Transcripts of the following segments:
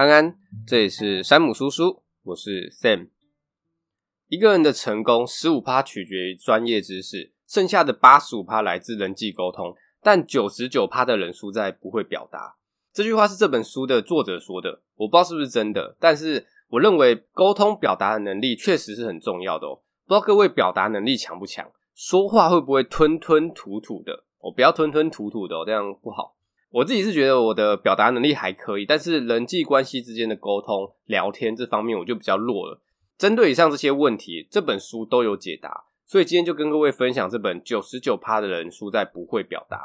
安安，這裡是山姆書書，我是 Sam。一個人的成功十五趴取決於專業知識，剩下的八十五趴來自人際溝通，但九十九趴的人輸在不會表達。這句話是這本書的作者說的，我不知道是不是真的，但是我認為溝通表達的能力確實是很重要的哦。不知道各位表達能力強不強，說話會不會吞吞吐吐的？哦，不要吞吞吐吐的哦，這樣不好。我自己是覺得我的表達能力還可以，但是人際關係之間的溝通、聊天這方面我就比較弱了。針對以上這些問題，這本書都有解答，所以今天就跟各位分享這本《九十九趴的人輸在不會表達》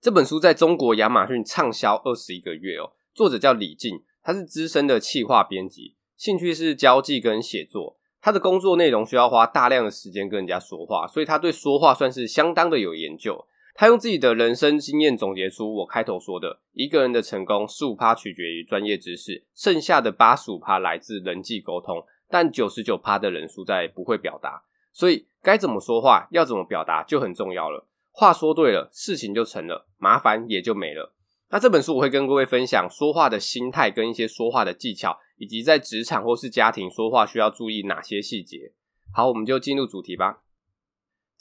這本書在中國亞馬遜暢銷二十一個月哦。作者叫李靜，他是資深的企劃編輯，興趣是交際跟寫作。他的工作內容需要花大量的時間跟人家說話，所以他對說話算是相當的有研究。他用自己的人生經驗總結出我開頭說的：一個人的成功15，十五趴取決於專業知識，剩下的八十五趴來自人際溝通，但99，但九十九趴的人輸在不會表達。所以該怎麼說話，要怎麼表達就很重要了。話說對了，事情就成了，麻煩也就沒了。那這本書我會跟各位分享說話的心態跟一些說話的技巧，以及在職場或是家庭說話需要注意哪些細節。好，我們就進入主題吧。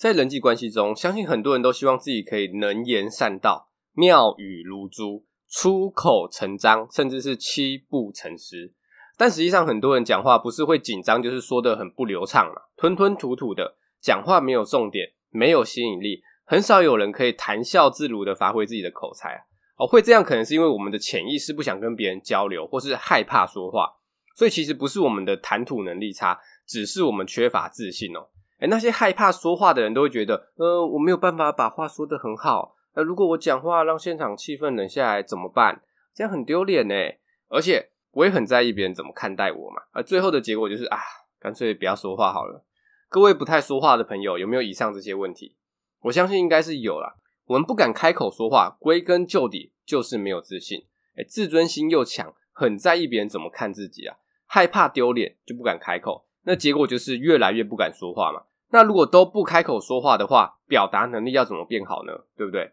在人際關係中，相信很多人都希望自己可以能言善道、妙語如珠、出口成章，甚至是七步成詩。但實際上，很多人講話不是會緊張，就是說得很不流暢嘛，吞吞吐吐的，講話沒有重點，沒有吸引力，很少有人可以談笑自如的發揮自己的口才啊。哦，會這樣可能是因為我們的潛意識不想跟別人交流，或是害怕說話，所以其實不是我們的談吐能力差，只是我們缺乏自信哦。哎、欸，那些害怕說話的人都會覺得，呃，我沒有辦法把話說得很好。呃、如果我講話讓現場氣氛冷下來怎麼辦？這樣很丟臉耶。而且我也很在意別人怎麼看待我嘛。而、啊、最後的結果就是啊，乾脆不要說話好了。各位不太說話的朋友，有沒有以上這些問題？我相信應該是有啦。我們不敢開口說話，歸根究底就是沒有自信。欸、自尊心又強，很在意別人怎麼看自己啊，害怕丟臉就不敢開口。那結果就是越來越不敢說話嘛。那如果都不開口說話的話，表達能力要怎麼變好呢？對不對？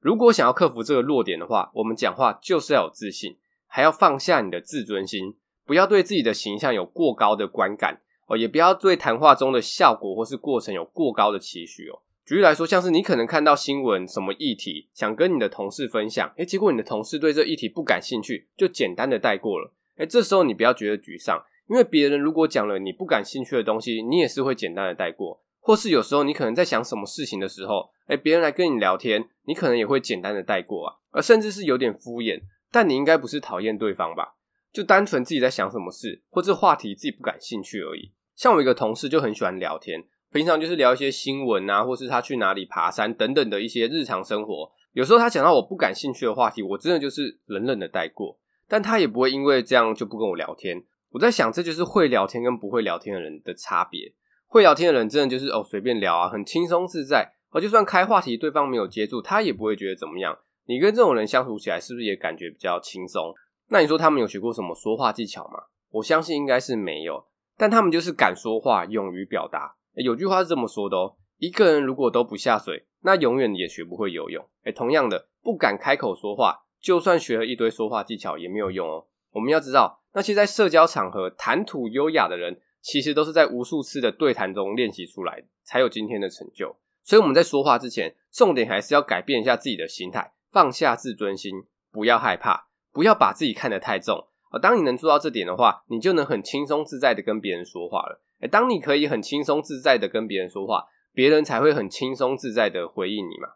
如果想要克服這個弱點的話，我們講話就是要有自信，還要放下你的自尊心，不要對自己的形象有過高的觀感哦，也不要對談話中的效果或是過程有過高的期許哦。舉例來說，像是你可能看到新聞什麼議題，想跟你的同事分享，誒，結果你的同事對這議題不感興趣，就簡單的帶過了，誒，這時候你不要覺得沮喪。因為別人如果講了你不感興趣的東西，你也是會簡單的帶過；或是有時候你可能在想什麼事情的時候，欸，別人來跟你聊天，你可能也會簡單的帶過啊，而甚至是有點敷衍。但你應該不是討厭對方吧？就單純自己在想什麼事，或是話題自己不感興趣而已。像我一個同事就很喜歡聊天，平常就是聊一些新聞啊，或是他去哪裡爬山等等的一些日常生活。有時候他講到我不感興趣的話題，我真的就是冷冷的帶過，但他也不會因為這樣就不跟我聊天。我在想，這就是會聊天跟不會聊天的人的差別。會聊天的人真的就是哦，隨便聊啊，很輕鬆自在。而就算開話題，對方沒有接住，他也不會覺得怎麼樣。你跟這種人相處起來，是不是也感覺比較輕鬆？那你說他們有學過什麼說話技巧嗎？我相信應該是沒有，但他們就是敢說話，勇於表達、欸。有句話是這麼說的哦、喔：一個人如果都不下水，那永遠也學不會游泳。誒，同樣的，不敢開口說話，就算學了一堆說話技巧也沒有用哦、喔。我們要知道。那些在社交場合，談吐優雅的人，其實都是在無數次的對談中練習出來的，才有今天的成就。所以我們在說話之前，重點還是要改變一下自己的心態，放下自尊心，不要害怕，不要把自己看得太重。而當你能做到這點的話，你就能很輕鬆自在的跟別人說話了。誒、欸，當你可以很輕鬆自在的跟別人說話，別人才會很輕鬆自在的回應你嘛。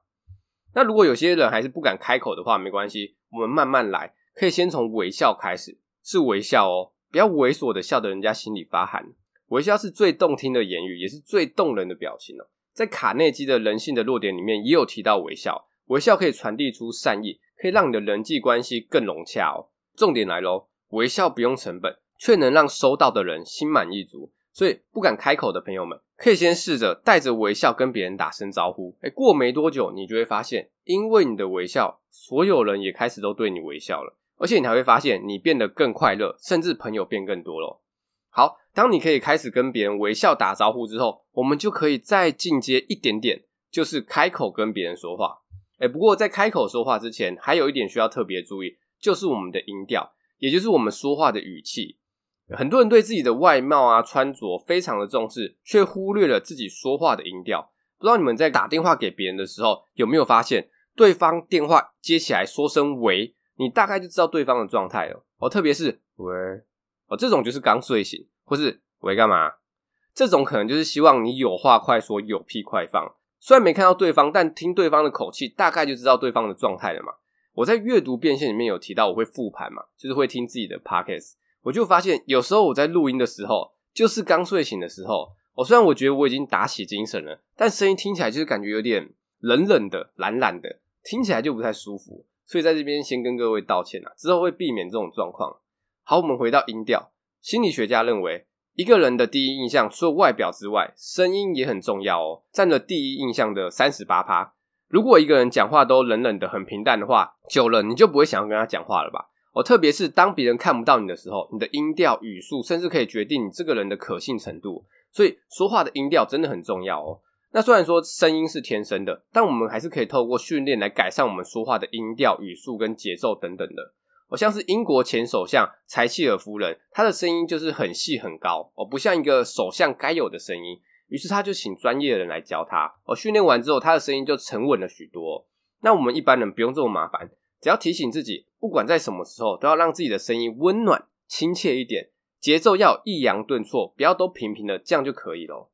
那如果有些人還是不敢開口的話，沒關係，我們慢慢來，可以先從微笑開始。是微笑哦，不要猥瑣的笑得人家心裡發寒。微笑是最動聽的言語，也是最動人的表情哦。在卡內基的《人性的弱點》裡面也有提到微笑，微笑可以傳遞出善意，可以讓你的人際關係更融洽哦。重點來嘍，微笑不用成本，卻能讓收到的人心滿意足。所以不敢開口的朋友們，可以先試着帶着微笑跟別人打聲招呼。哎、欸，過沒多久，你就會發現，因為你的微笑，所有人也開始都對你微笑了。而且你還會發現，你變得更快樂，甚至朋友變更多了。好，當你可以開始跟別人微笑打招呼之後，我們就可以再進階一點點，就是開口跟別人說話。哎、欸，不過在開口說話之前，還有一點需要特別注意，就是我們的音調，也就是我們說話的語氣。很多人對自己的外貌啊、穿着非常的重視，卻忽略了自己說話的音調。不知道你們在打電話給別人的時候，有沒有發現對方電話接起來說聲“喂”。你大概就知道對方的狀態了。哦，特別是喂，哦，這種就是剛睡醒，或是喂幹嘛？這種可能就是希望你有話快說，有屁快放。雖然沒看到對方，但聽對方的口氣，大概就知道對方的狀態了嘛。我在閱讀變現裡面有提到，我會復盤嘛，就是會聽自己的 podcast。我就發現，有時候我在錄音的時候，就是剛睡醒的時候，我、哦、雖然我覺得我已經打起精神了，但聲音聽起來就是感覺有點冷冷的、懶懶的，聽起來就不太舒服。所以在這邊先跟各位道歉了啊，之後會避免這種狀況。好，我們回到音調。心理學家認為，一個人的第一印象，除了外表之外，聲音也很重要哦，佔了第一印象的三十八趴。如果一個人講話都冷冷的、很平淡的話，久了你就不會想要跟他講話了吧？哦，特別是當別人看不到你的時候，你的音調、語速，甚至可以決定你這個人的可信程度。所以說話的音調真的很重要哦。那雖然說聲音是天生的，但我們還是可以透過訓練來改善我們說話的音調、語速跟節奏等等的。哦，像是英國前首相柴契爾夫人，她的聲音就是很細很高哦，不像一個首相該有的聲音。於是他就請專業的人來教他。哦，訓練完之後，他的聲音就沉穩了許多哦。那我們一般人不用這麼麻煩，只要提醒自己，不管在什麼時候，都要讓自己的聲音溫暖親切一點，節奏要有抑揚頓挫，不要都平平的，這樣就可以囉。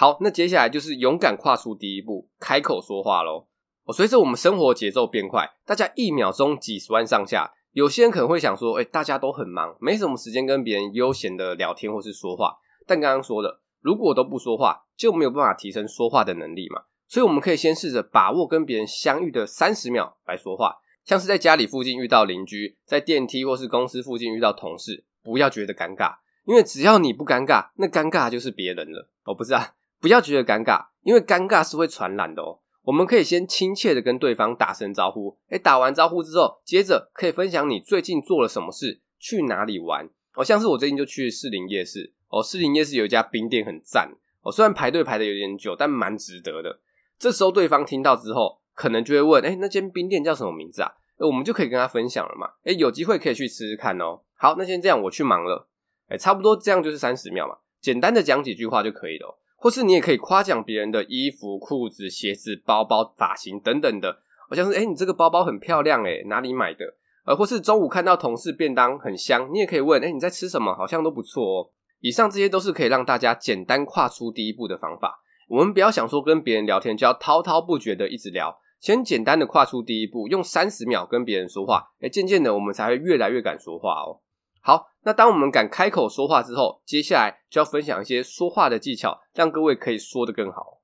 好，那接下來就是勇敢跨出第一步，開口說話嘍。隨着我們生活節奏變快，大家一秒鐘幾十萬上下。有些人可能會想說，誒、欸，大家都很忙，沒什麼時間跟別人悠閒的聊天或是說話。但剛剛說的，如果都不說話，就沒有辦法提升說話的能力嘛。所以我們可以先試着把握跟別人相遇的三十秒來說話，像是在家裡附近遇到鄰居，在電梯或是公司附近遇到同事，不要覺得尷尬，因為只要你不尷尬，那尷尬就是別人了。哦，不是啊。不要覺得尷尬，因為尷尬是會傳染的哦。我們可以先親切的跟對方打聲招呼，誒，打完招呼之後，接着可以分享你最近做了什麼事，去哪裡玩哦。像是我最近就去士林夜市哦，士林夜市有一家冰店很讚哦，雖然排隊排的有點久，但蠻值得的。這時候對方聽到之後，可能就會問，誒，那間冰店叫什麼名字啊？我們就可以跟他分享了嘛。誒，有機會可以去吃吃看哦。好，那先這樣，我去忙了。誒，差不多這樣就是三十秒嘛，簡單的講幾句話就可以了。或是你也可以誇獎別人的衣服、褲子、鞋子、包包、髮型等等的。好，像是，哎，你這個包包很漂亮誒，哪裡買的？呃，或是中午看到同事便當很香，你也可以問，哎，你在吃什麼？好像都不錯哦。以上這些都是可以讓大家簡單跨出第一步的方法。我們不要想說跟別人聊天就要滔滔不絕的一直聊，先簡單的跨出第一步，用三十秒跟別人說話，哎，漸漸的我們才會越來越敢說話哦。好，那當我們敢開口說話之後，接下來就要分享一些說話的技巧，讓各位可以說得更好。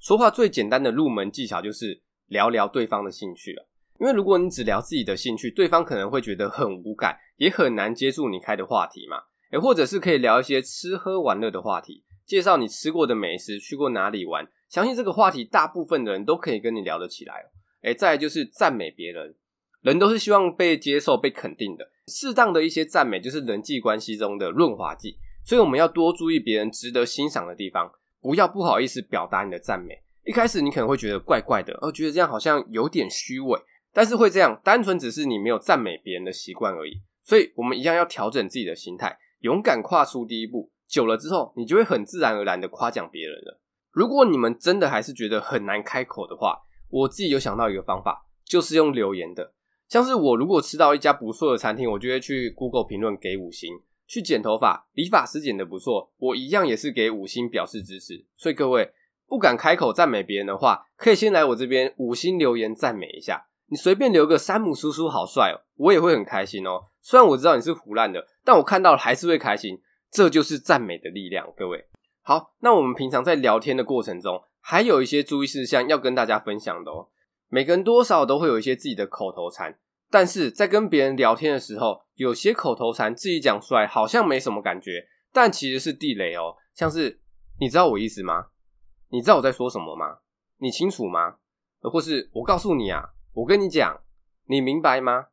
說話最簡單的入門技巧就是聊聊對方的興趣了，因為如果你只聊自己的興趣，對方可能會覺得很無感，也很難接住你開的話題嘛。誒、欸，或者是可以聊一些吃喝玩樂的話題，介紹你吃過的美食，去過哪裡玩，相信這個話題大部分的人都可以跟你聊得起來。誒、欸，再來就是讚美別人。人都是希望被接受、被肯定的，適當的一些讚美就是人際關係中的潤滑劑，所以我們要多注意別人值得欣賞的地方，不要不好意思表達你的讚美。一開始你可能會覺得怪怪的，而、呃、覺得這樣好像有點虛偽，但是會這樣，單純只是你沒有讚美別人的習慣而已。所以，我們一樣要調整自己的心態，勇敢跨出第一步。久了之後，你就會很自然而然的誇獎別人了。如果你們真的還是覺得很難開口的話，我自己有想到一個方法，就是用留言的。像是我如果吃到一家不錯的餐廳，我就會去 Google 評論給五星。去剪頭髮，理髮師剪得不錯，我一樣也是給五星表示支持。所以各位不敢開口讚美別人的話，可以先來我這邊五星留言讚美一下。你隨便留個山姆叔叔好帥哦，我也會很開心哦。雖然我知道你是唬爛的，但我看到還是會開心。這就是讚美的力量，各位。好，那我們平常在聊天的過程中，還有一些注意事項要跟大家分享的哦。每個人多少都會有一些自己的口頭禪，但是在跟別人聊天的時候，有些口頭禪自己講出來好像沒什麼感覺，但其實是地雷哦。像是你知道我意思嗎？你知道我在說什麼嗎？你清楚嗎？或是我告訴你啊，我跟你講，你明白嗎？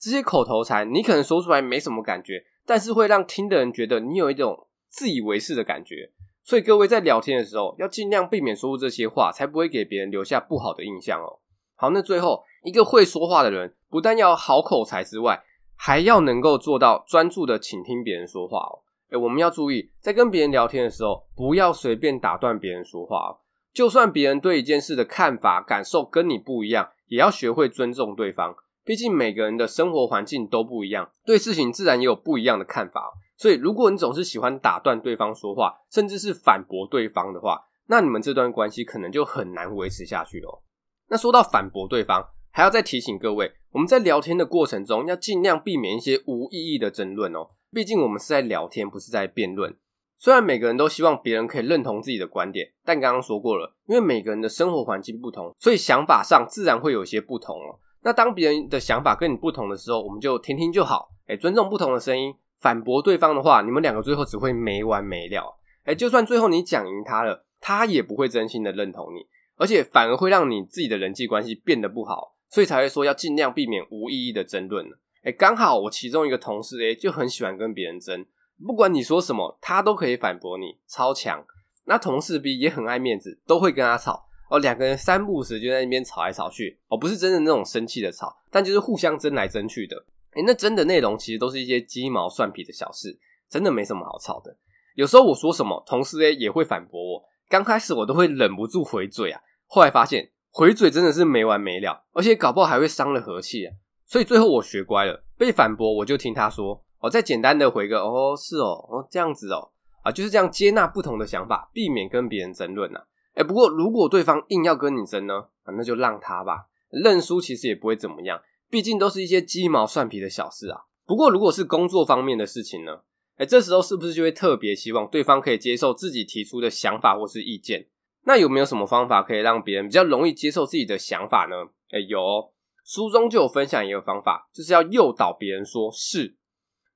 這些口頭禪你可能說出來沒什麼感覺，但是會讓聽的人覺得你有一種自以為是的感覺。所以各位在聊天的時候，要盡量避免說出這些話，才不會給別人留下不好的印象哦。好，那最後，一個會說話的人，不但要好口才之外，還要能夠做到專注的傾聽別人說話哦。誒、欸、我們要注意，在跟別人聊天的時候，不要隨便打斷別人說話哦。就算別人對一件事的看法、感受跟你不一樣，也要學會尊重對方。畢竟每個人的生活環境都不一樣，對事情自然也有不一樣的看法，哦。所以，如果你總是喜歡打斷對方說話，甚至是反駁對方的話，那你們這段關係可能就很難維持下去嘍，哦。那說到反駁對方，還要再提醒各位，我們在聊天的過程中要盡量避免一些無意義的爭論哦。畢竟我們是在聊天，不是在辯論。雖然每個人都希望別人可以認同自己的觀點，但剛剛說過了，因為每個人的生活環境不同，所以想法上自然會有些不同哦。那當別人的想法跟你不同的時候，我們就聽聽就好，誒，尊重不同的聲音。反駁對方的話，你們兩個最後只會沒完沒了。誒，就算最後你講贏他了，他也不會真心的認同你。而且反而會讓你自己的人際關係變得不好，所以才會說要盡量避免無意義的爭論呢。哎、欸，剛好我其中一個同事 A、欸，就很喜歡跟別人爭，不管你說什麼，他都可以反駁你，超強。那同事 B 也很愛面子，都會跟他吵哦。兩個人三不五時就在那邊吵來吵去，哦，不是真的那種生氣的吵，但就是互相爭來爭去的。哎、欸，那爭的內容其實都是一些雞毛蒜皮的小事，真的沒什麼好吵的。有時候我說什麼，同事 A 也會反駁我，剛開始我都會忍不住回嘴啊。後來發現回嘴真的是沒完沒了，而且搞不好還會傷了和氣啊。所以最後我學乖了，被反駁我就聽他說，哦，再簡單的回個哦是哦哦這樣子哦啊，就是這樣接納不同的想法，避免跟別人爭論啊。欸，不過如果對方硬要跟你爭呢？啊，那就讓他吧，認輸其實也不會怎麼樣，畢竟都是一些雞毛蒜皮的小事啊。不過如果是工作方面的事情呢？哎，欸，這時候是不是就會特別希望對方可以接受自己提出的想法或是意見？那有沒有什麼方法可以讓別人比較容易接受自己的想法呢？哎、欸，有哦，書中就有分享一個方法，就是要誘導別人說是。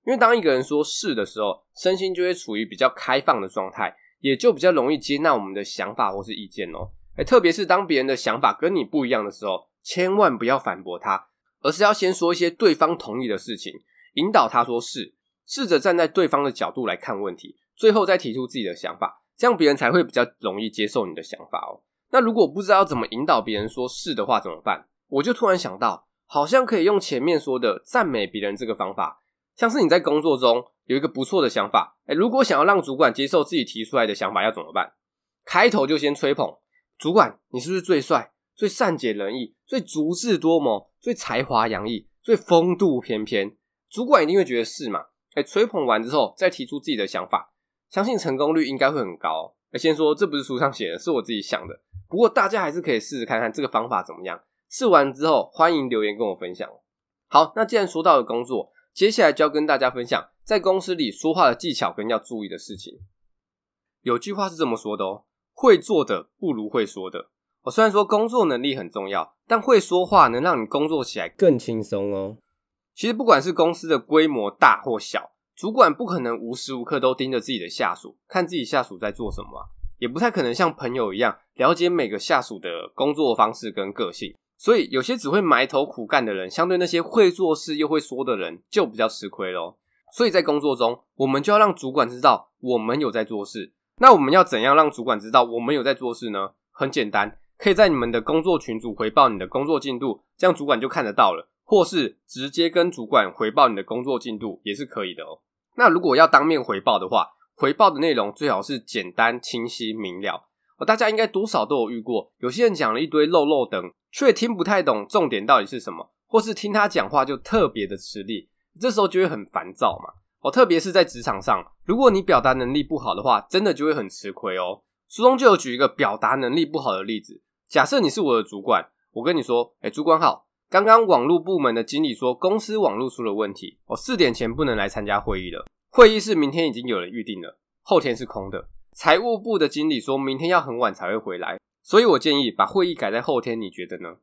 因為當一個人說是的時候，身心就會處於比較開放的狀態，也就比較容易接納我們的想法或是意見哦。哎、欸，特別是當別人的想法跟你不一樣的時候，千萬不要反駁他，而是要先說一些對方同意的事情，引導他說是，試着站在對方的角度來看問題，最後再提出自己的想法。這樣別人才會比較容易接受你的想法哦。那如果不知道怎麼引導別人說是的話怎麼辦？我就突然想到，好像可以用前面說的讚美別人這個方法。像是你在工作中有一個不錯的想法誒，如果想要讓主管接受自己提出來的想法要怎麼辦？開頭就先吹捧主管，你是不是最帥、最善解人意、最足智多謀、最才華洋溢、最風度翩翩？主管一定會覺得是嘛？誒，吹捧完之後再提出自己的想法。相信成功率應該會很高哦。先說這不是書上寫的，是我自己想的。不過大家還是可以試試看看這個方法怎麼樣。試完之後，歡迎留言跟我分享。好，那既然說到了工作，接下來就要跟大家分享在公司裡說話的技巧跟要注意的事情。有句話是這麼說的哦：會做的不如會說的。我，哦，雖然說工作能力很重要，但會說話能讓你工作起來更輕鬆哦。其實不管是公司的規模大或小。主管不可能無時無刻都盯着自己的下屬，看自己下屬在做什麼啊，也不太可能像朋友一樣了解每個下屬的工作方式跟個性，所以有些只會埋頭苦幹的人，相對那些會做事又會說的人就比較吃虧咯。所以在工作中，我們就要讓主管知道我們有在做事。那我們要怎樣讓主管知道我們有在做事呢？很簡單，可以在你們的工作群組回報你的工作進度，這樣主管就看得到了。或是直接跟主管回報你的工作進度也是可以的哦。那如果要當面回報的話，回報的內容最好是簡單、清晰、明了哦，大家應該多少都有遇過，有些人講了一堆落落長，卻聽不太懂重點到底是什麼，或是聽他講話就特別的吃力，這時候就會很煩躁嘛。哦，特別是在職場上，如果你表達能力不好的話，真的就會很吃虧哦。書中就有舉一個表達能力不好的例子，假設你是我的主管，我跟你說，哎，主管好。剛剛網絡部門的經理說，公司網絡出了問題，我、哦、四點前不能來參加會議了。會議室明天已經有人預定了，後天是空的。財務部的經理說明天要很晚才會回來，所以我建議把會議改在後天，你覺得呢？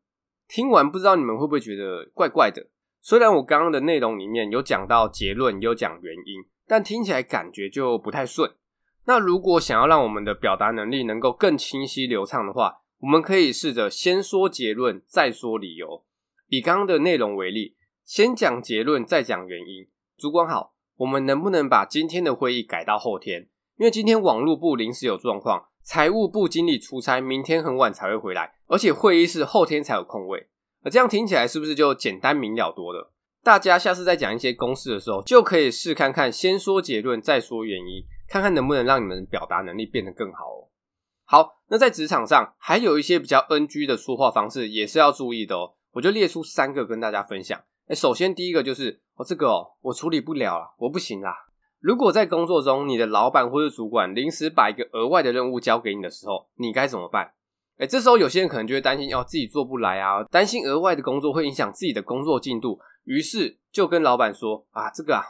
聽完不知道你們會不會覺得怪怪的？雖然我剛剛的內容裡面有講到結論，也有講原因，但聽起來感覺就不太順。那如果想要讓我們的表達能力能夠更清晰流暢的話，我們可以試着先說結論，再說理由。以剛剛的內容為例，先講結論，再講原因。主管好，我們能不能把今天的會議改到後天？因為今天網路部臨時有狀況，財務部經理出差，明天很晚才會回來，而且會議室後天才有空位。而這樣聽起來是不是就簡單明了多了？大家下次再講一些公事的時候，就可以試看看，先說結論，再說原因，看看能不能讓你們的表達能力變得更好哦。好，那在職場上還有一些比較 NG 的說話方式，也是要注意的哦。我就列出三個跟大家分享。誒首先第一個就是，哦，這個哦，我處理不了了，我不行啦。如果在工作中，你的老闆或是主管臨時把一個額外的任務交給你的時候，你該怎麼辦？哎，這時候有些人可能就會擔心，哦，自己做不來啊，擔心額外的工作會影響自己的工作進度，於是就跟老闆說，啊，這個、啊，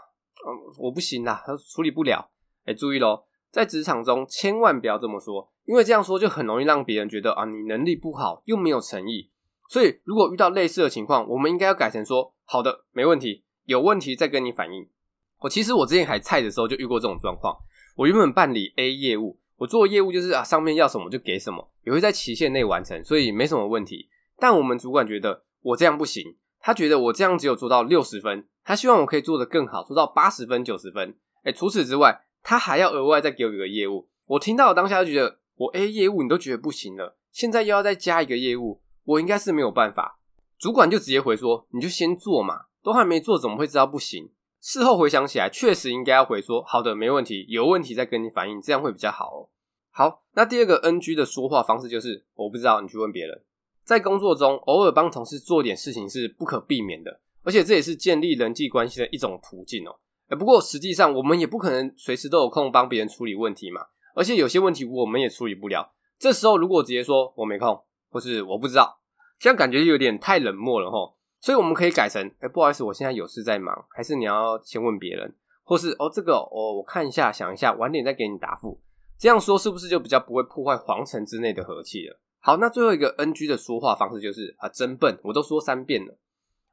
嗯、呃，我不行啦，他處理不了。哎，注意嘍，在職場中千萬不要這麼說，因為這樣說就很容易讓別人覺得啊，你能力不好，又沒有誠意。所以，如果遇到類似的情況，我們應該要改成說：“好的，沒問題，有問題再跟你反映。”我其實我之前還菜的時候就遇過這種狀況。我原本辦理 A 業務，我做的業務就是啊，上面要什麼就給什麼，也會在期限內完成，所以沒什麼問題。但我們主管覺得我這樣不行，他覺得我這樣只有做到六十分，他希望我可以做得更好，做到八十分、九十分。欸，除此之外，他還要額外再給我一個業務。我聽到我當下就覺得，我 A 業務你都覺得不行了，現在又要再加一個業務。我應該是沒有辦法，主管就直接回說，你就先做嘛，都還沒做，怎麼會知道不行？事後回想起來，確實應該要回說，好的，沒問題，有問題再跟你反映，這樣會比較好哦。好，那第二個 NG 的說話方式就是，我不知道，你去問別人。在工作中，偶爾幫同事做點事情是不可避免的，而且這也是建立人際關係的一種途徑哦。誒，不過實際上我們也不可能隨時都有空幫別人處理問題嘛，而且有些問題我們也處理不了。這時候如果直接說我沒空，或是我不知道。這樣感覺有點太冷漠了吼，所以我們可以改成，誒、欸、不好意思，我現在有事在忙，還是你要先問別人，或是哦，這個哦，我看一下，想一下，晚點再給你答覆這樣說是不是就比較不會破壞皇城之內的和氣了？好，那最後一個 NG 的說話方式就是啊、呃，真笨，我都說三遍了，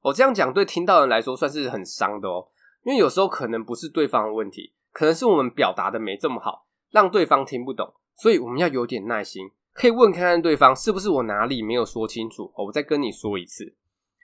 我、哦、這樣講對聽到人來說算是很傷的哦，因為有時候可能不是對方的問題，可能是我們表達的沒這麼好，讓對方聽不懂，所以我們要有點耐心。可以問看看對方是不是我哪裡沒有說清楚哦，我再跟你說一次。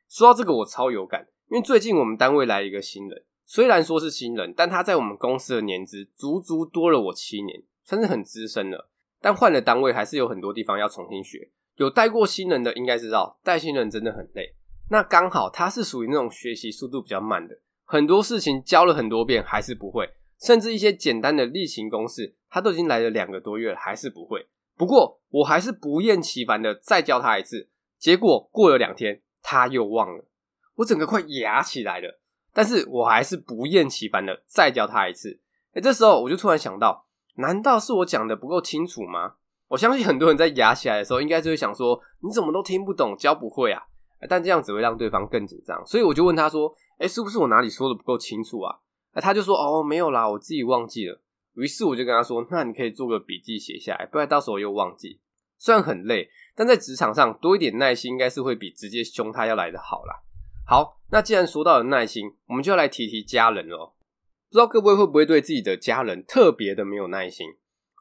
說到這個，我超有感，因為最近我們單位來了一個新人，雖然說是新人，但他在我們公司的年資足足多了我七年，算是很資深了。但換了單位還是有很多地方要重新學。有帶過新人的應該知道，帶新人真的很累。那剛好他是屬於那種學習速度比較慢的，很多事情教了很多遍還是不會，甚至一些簡單的例行公事，他都已經來了兩個多月了還是不會。不過我還是不厭其煩的再教他一次，結果過了兩天他又忘了，我整個快啞起來了。但是我還是不厭其煩的再教他一次。哎、欸，這時候我就突然想到，難道是我講的不夠清楚嗎？我相信很多人在啞起來的時候，應該就會想說，你怎麼都聽不懂，教不會啊？但這樣只會讓對方更緊張。所以我就問他說，哎、欸，是不是我哪裡說的不夠清楚啊？啊，他就說，哦，沒有啦，我自己忘記了。於是我就跟他說：“那你可以做個筆記寫下來，不然到時候又忘記。雖然很累，但在職場上多一點耐心，應該是會比直接凶他要來的好啦。”好，那既然說到了耐心，我們就要來提提家人嘍。不知道各位會不會對自己的家人特別的沒有耐心？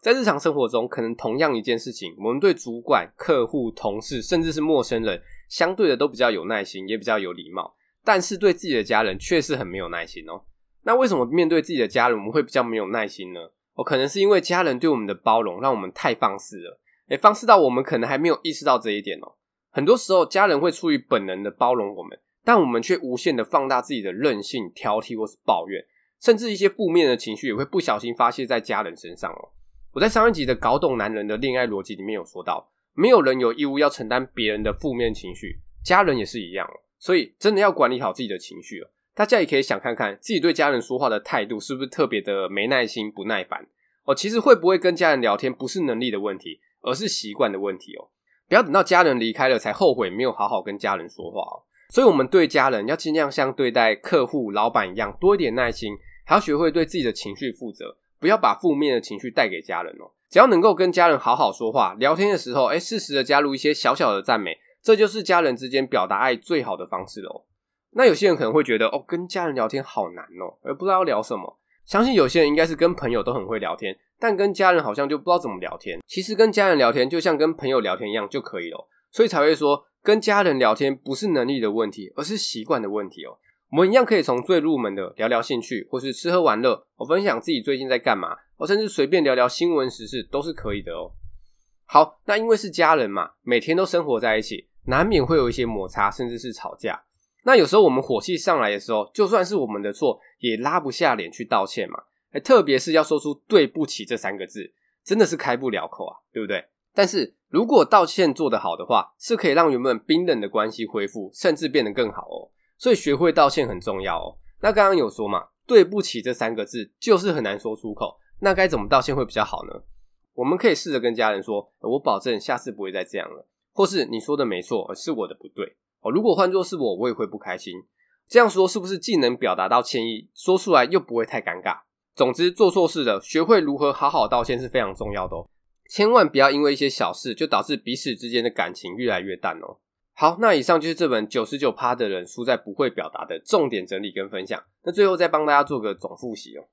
在日常生活中，可能同樣一件事情，我們對主管、客戶、同事，甚至是陌生人，相對的都比較有耐心，也比較有禮貌，但是對自己的家人確實很沒有耐心喔。那為什麼面對自己的家人，我們會比較沒有耐心呢？哦，可能是因為家人對我們的包容，讓我們太放肆了。誒、欸，放肆到我們可能還沒有意識到這一點哦。很多時候，家人會出於本能的包容我們，但我們卻無限的放大自己的任性、挑剔或是抱怨，甚至一些負面的情緒也會不小心發洩在家人身上哦。我在上一集的《搞懂男人的戀愛邏輯》裡面有說到，沒有人有義務要承擔別人的負面情緒，家人也是一樣哦。所以，真的要管理好自己的情緒大家也可以想看看自己對家人說話的態度是不是特別的沒耐心、不耐煩哦。其實會不會跟家人聊天不是能力的問題，而是習慣的問題哦。不要等到家人離開了才後悔沒有好好跟家人說話哦。所以，我們對家人要盡量像對待客戶、老板一樣多一點耐心，還要學會對自己的情緒負責，不要把負面的情緒帶給家人哦。只要能夠跟家人好好說話、聊天的時候，哎，適時的加入一些小小的讚美，這就是家人之間表達愛最好的方式了哦。那有些人可能會覺得哦，跟家人聊天好難哦，而不知道要聊什麼。相信有些人應該是跟朋友都很會聊天，但跟家人好像就不知道怎麼聊天。其實跟家人聊天就像跟朋友聊天一樣就可以了哦，所以才會說跟家人聊天不是能力的問題，而是習慣的問題哦。我們一樣可以從最入門的聊聊興趣，或是吃喝玩樂，或分享自己最近在幹嘛，或甚至隨便聊聊新聞時事都是可以的哦。好，那因為是家人嘛，每天都生活在一起，難免會有一些摩擦，甚至是吵架。那有時候我們火氣上來的時候，就算是我們的錯，也拉不下臉去道歉嘛。欸，特別是要說出“對不起”這三個字，真的是開不了口啊，對不對？但是如果道歉做得好的話，是可以讓原本冰冷的關係恢復，甚至變得更好哦。所以學會道歉很重要哦。那剛剛有說嘛，“對不起”這三個字就是很難說出口。那該怎麼道歉會比較好呢？我們可以試着跟家人說：“我保證下次不會再這樣了。”或是“你說的沒錯，是我的不對。”哦，如果換作是我，我也會不開心。這樣說是不是既能表達到歉意，說出來又不會太尷尬？總之，做錯事了，學會如何好好道歉是非常重要的哦。千萬不要因為一些小事就導致彼此之間的感情越來越淡哦。好，那以上就是這本《99趴的人輸在不會表達》的重點整理跟分享。那最後再幫大家做個總複習哦。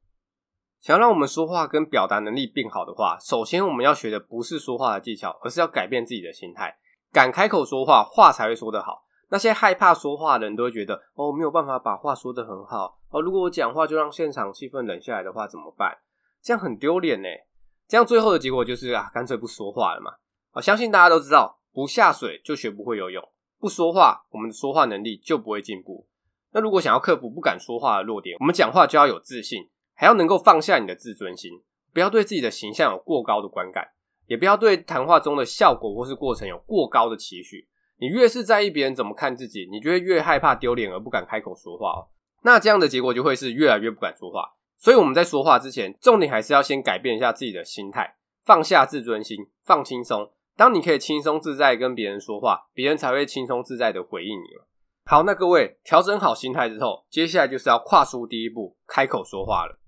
想要讓我們說話跟表達能力變好的話，首先我們要學的不是說話的技巧，而是要改變自己的心態。敢開口說話，話才會說得好。那些害怕說話的人都會覺得哦，沒有辦法把話說得很好哦。如果我講話就讓現場氣氛冷下來的話，怎麼辦？這樣很丟臉欸。這樣最後的結果就是啊，乾脆不說話了嘛。啊，相信大家都知道，不下水就學不會游泳，不說話，我們的說話能力就不會進步。那如果想要克服不敢說話的弱點，我們講話就要有自信，還要能夠放下你的自尊心，不要對自己的形象有過高的觀感，也不要對談話中的效果或是過程有過高的期許。你越是在意別人怎麼看自己，你就會越害怕丟臉而不敢開口說話哦。那這樣的結果就會是越來越不敢說話。所以我們在說話之前，重點還是要先改變一下自己的心態，放下自尊心，放輕鬆。當你可以輕鬆自在跟別人說話，別人才會輕鬆自在的回應你了。好，那各位調整好心態之後，接下來就是要跨出第一步，開口說話了。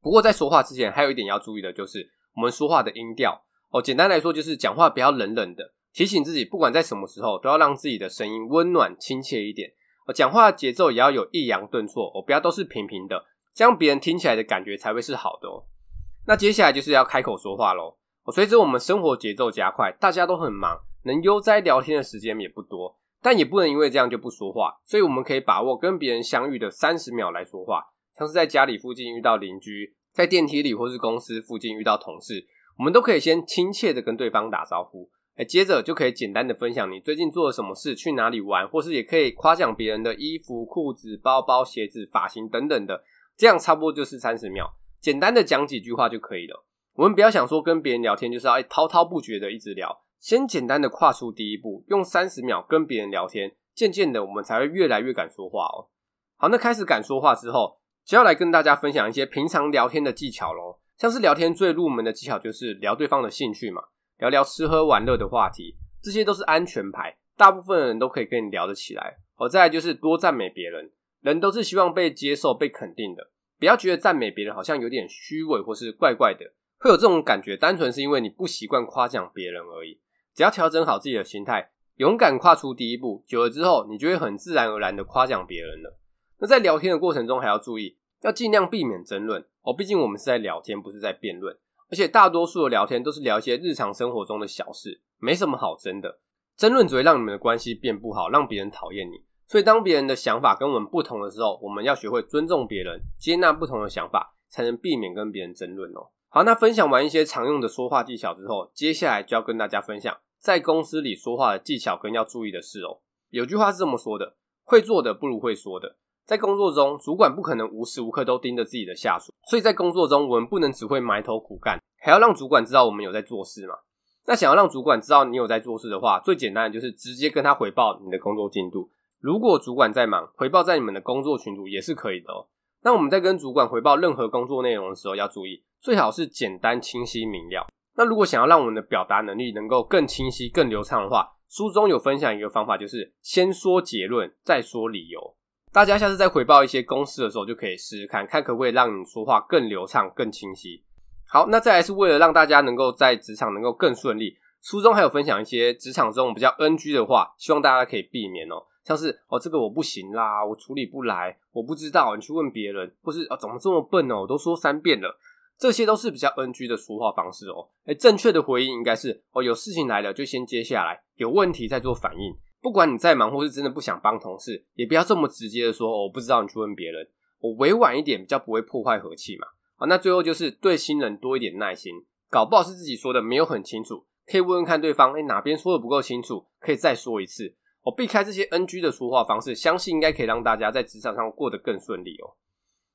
不過在說話之前，還有一點要注意的就是，我們說話的音調哦，簡單來說就是講話不要冷冷的。提醒自己，不管在什麼時候，都要讓自己的聲音溫暖親切一點。哦、我講話節奏也要有抑揚頓挫，哦、我不要都是平平的，這樣別人聽起來的感覺才會是好的、哦。那接下來就是要開口說話嘍。哦、隨著我們生活節奏加快，大家都很忙，能悠哉聊天的時間也不多，但也不能因為這樣就不說話。所以我們可以把握跟別人相遇的三十秒來說話，像是在家裡附近遇到鄰居，在電梯裡或是公司附近遇到同事，我們都可以先親切的跟對方打招呼。哎、欸，接着就可以簡單的分享你最近做了什麼事，去哪裡玩，或是也可以誇獎別人的衣服、褲子、包包、鞋子、髮型等等的。這樣差不多就是三十秒，簡單的講幾句話就可以了。我們不要想說跟別人聊天就是要、欸、滔滔不絕的一直聊，先簡單的跨出第一步，用三十秒跟別人聊天，漸漸的我們才會越來越敢說話哦、喔。好，那開始敢說話之後，就要來跟大家分享一些平常聊天的技巧嘍。像是聊天最入門的技巧就是聊對方的興趣嘛。聊聊吃喝玩樂的話題，這些都是安全牌，大部分的人都可以跟你聊得起來。好、哦，再來就是多讚美別人，人都是希望被接受、被肯定的。不要覺得讚美別人好像有點虛偽或是怪怪的，會有這種感覺，單純是因為你不習慣誇獎別人而已。只要調整好自己的心態，勇敢跨出第一步，久了之後，你就會很自然而然的誇獎別人了。那在聊天的過程中，還要注意，要盡量避免爭論哦，畢竟我們是在聊天，不是在辯論。而且大多數的聊天都是聊一些日常生活中的小事，沒什麼好爭的。爭論只會讓你們的關係變不好，讓別人討厭你。所以當別人的想法跟我們不同的時候，我們要學會尊重別人，接納不同的想法，才能避免跟別人爭論哦。好，那分享完一些常用的說話技巧之後，接下來就要跟大家分享在公司裡說話的技巧跟要注意的事哦。有句話是這麼說的：會做的不如會說的。在工作中，主管不可能無時無刻都盯着自己的下屬，所以在工作中，我們不能只會埋頭苦幹，還要讓主管知道我們有在做事嘛。那想要讓主管知道你有在做事的話，最簡單的就是直接跟他回報你的工作進度。如果主管在忙，回報在你們的工作群組也是可以的哦。那我們在跟主管回報任何工作內容的時候，要注意最好是簡單、清晰、明了。那如果想要讓我們的表達能力能夠更清晰、更流暢的話，書中有分享一個方法，就是先說結論，再說理由。大家下次再回報一些公司的時候，就可以試試看看可不可以讓你說話更流暢、更清晰。好，那再來是為了讓大家能夠在職場能夠更順利，書中還有分享一些職場中比較 NG 的話，希望大家可以避免哦。像是哦，這個我不行啦，我處理不來，我不知道，你去問別人，或是哦，怎麼這麼笨哦，我都說三遍了，這些都是比較 NG 的說話方式哦。誒，正確的回應應該是哦，有事情來了就先接下來，有問題再做反應。不管你再忙，或是真的不想幫同事，也不要這麼直接的說，哦、我不知道，你去問別人。我、哦、委婉一點，比較不會破壞和氣嘛。好，那最後就是對新人多一點耐心，搞不好是自己說的沒有很清楚，可以問問看對方，誒、欸，哪邊說的不夠清楚，可以再說一次。我、哦、避開這些 NG 的說話方式，相信應該可以讓大家在職場上過得更順利哦。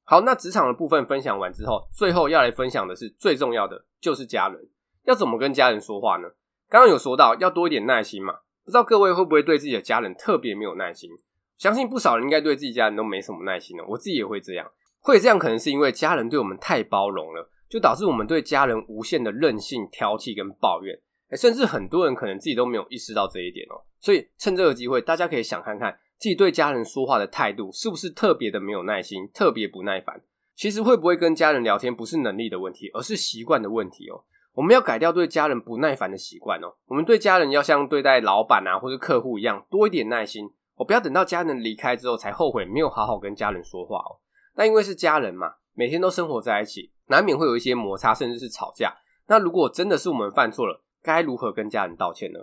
好，那職場的部分分享完之後，最後要來分享的是最重要的，就是家人要怎麼跟家人說話呢？剛剛有說到要多一點耐心嘛。不知道各位會不會對自己的家人特別沒有耐心？相信不少人應該對自己家人都沒什麼耐心了。我自己也會這樣，會這樣可能是因為家人對我們太包容了，就導致我們對家人無限的任性、挑剔跟抱怨。欸，甚至很多人可能自己都沒有意識到這一點哦、喔。所以趁這個機會，大家可以想看看自己對家人說話的態度是不是特別的沒有耐心、特別不耐煩。其實會不會跟家人聊天，不是能力的問題，而是習慣的問題哦、喔。我們要改掉對家人不耐煩的習慣哦。我們對家人要像對待老闆啊或者客戶一樣，多一點耐心哦。我不要等到家人離開之後才後悔沒有好好跟家人說話哦。那因為是家人嘛，每天都生活在一起，難免會有一些摩擦，甚至是吵架。那如果真的是我們犯錯了，該如何跟家人道歉呢？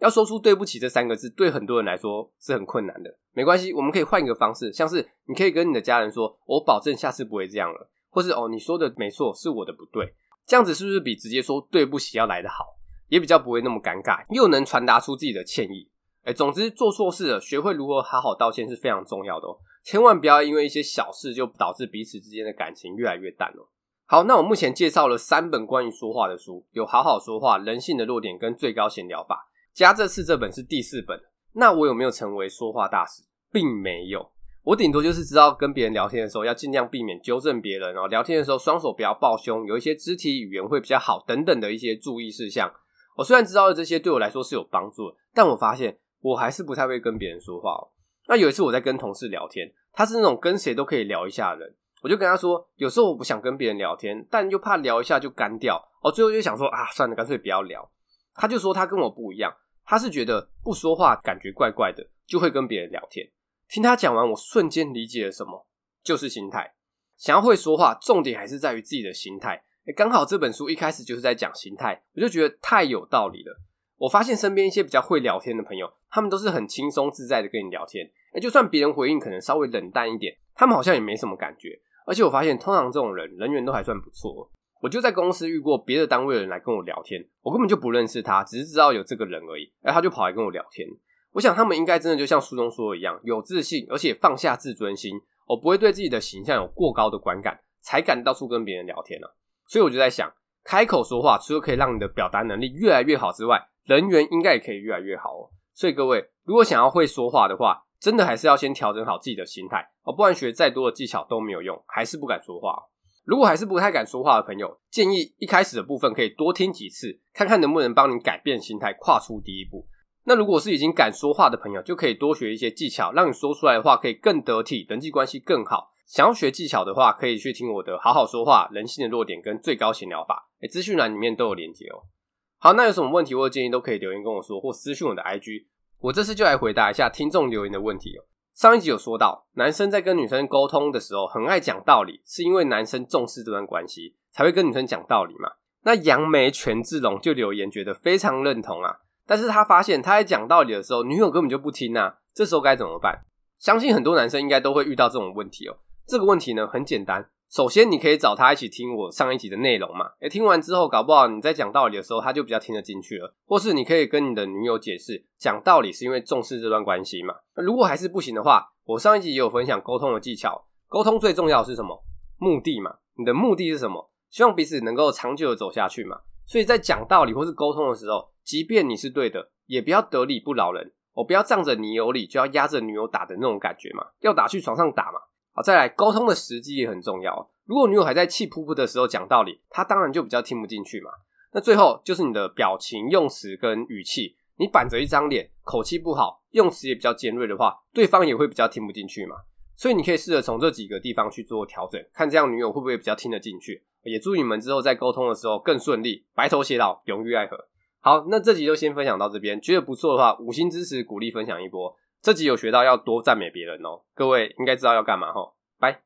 要說出“對不起”這三個字，對很多人來說是很困難的。沒關係，我們可以換一個方式，像是你可以跟你的家人說：“我保證下次不會這樣了。”或是“哦，你說的沒錯，是我的不對。”這樣子是不是比直接說對不起要來得好，也比較不會那麼尷尬，又能傳達出自己的歉意？哎、欸，總之做錯事了，學會如何好好道歉是非常重要的哦，千萬不要因為一些小事就導致彼此之間的感情越來越淡哦。好，那我目前介紹了三本關於說話的書，有《好好說話》《人性的弱點》跟《最高閒聊法》，加這次這本是第四本。那我有沒有成為說話大師？並沒有。我頂多就是知道跟別人聊天的時候要盡量避免糾正別人喔，聊天的時候雙手不要抱胸，有一些肢體語言會比較好等等的一些注意事項。我雖然知道了這些，對我來說是有幫助，但我發現我還是不太會跟別人說話喔。那有一次我在跟同事聊天，他是那種跟誰都可以聊一下的人，我就跟他說，有時候我不想跟別人聊天，但又怕聊一下就乾掉，我最後就想說啊，算了，乾脆不要聊。他就說他跟我不一樣，他是覺得不說話感覺怪怪的，就會跟別人聊天。聽他講完，我瞬間理解了什麼，就是心態。想要會說話，重點還是在於自己的心態。哎，剛好這本書一開始就是在講心態，我就覺得太有道理了。我發現身邊一些比較會聊天的朋友，他們都是很輕鬆自在的跟你聊天。哎，就算別人回應可能稍微冷淡一點，他們好像也沒什麼感覺。而且我發現，通常這種人人緣都還算不錯。我就在公司遇過別的單位的人來跟我聊天，我根本就不認識他，只是知道有這個人而已。然後，他就跑來跟我聊天。我想他們應該真的就像書中說的一樣，有自信，而且放下自尊心，我、哦、不會對自己的形象有過高的觀感，才敢到處跟別人聊天了、啊。所以我就在想，開口說話除了可以讓你的表達能力越來越好之外，人緣應該也可以越來越好哦。所以各位，如果想要會說話的話，真的還是要先調整好自己的心態而、哦、不然學再多的技巧都沒有用，還是不敢說話、哦。如果還是不太敢說話的朋友，建議一開始的部分可以多聽幾次，看看能不能幫你改變心態，跨出第一步。那如果是已經敢說話的朋友，就可以多學一些技巧，讓你說出來的話可以更得體，人際關係更好。想要學技巧的話，可以去聽我的《好好說話》、《人性的弱點》跟《最高閒聊法》欸，誒，資訊欄裡面都有連結哦、喔。好，那有什麼問題或建議，都可以留言跟我說，或私訊我的 IG。我這次就來回答一下聽眾留言的問題哦、喔。上一集有說到，男生在跟女生溝通的時候很愛講道理，是因為男生重視這段關係，才會跟女生講道理嘛？那楊梅全志龍就留言覺得非常認同啊。但是他發現，他在講道理的時候，女友根本就不聽吶。這時候該怎麼辦？相信很多男生應該都會遇到這種問題哦。這個問題呢很簡單，首先你可以找他一起聽我上一集的內容嘛。誒，聽完之後，搞不好你在講道理的時候，他就比較聽得進去了。或是你可以跟你的女友解釋，講道理是因為重視這段關係嘛。如果還是不行的話，我上一集也有分享溝通的技巧。溝通最重要的是什麼？目的嘛。你的目的是什麼？希望彼此能夠長久的走下去嘛。所以在講道理或是溝通的時候，即便你是對的，也不要得理不饒人。我、哦、不要仗着你有理就要壓着女友打的那種感覺嘛，要打去床上打嘛。好，再來溝通的時機也很重要、哦。如果女友還在氣噗噗的時候講道理，她當然就比較聽不進去嘛。那最後就是你的表情、用詞跟語氣，你板着一張臉，口氣不好，用詞也比較尖銳的話，對方也會比較聽不進去嘛。所以你可以試着從這幾個地方去做調整，看這樣女友會不會比較聽得進去。也祝你們之後在溝通的時候更順利，白頭偕老，永浴愛河。好，那這集就先分享到這邊，覺得不錯的話，五星支持，鼓勵分享一波。這集有學到，要多讚美別人哦。各位應該知道要幹嘛吼、哦，拜。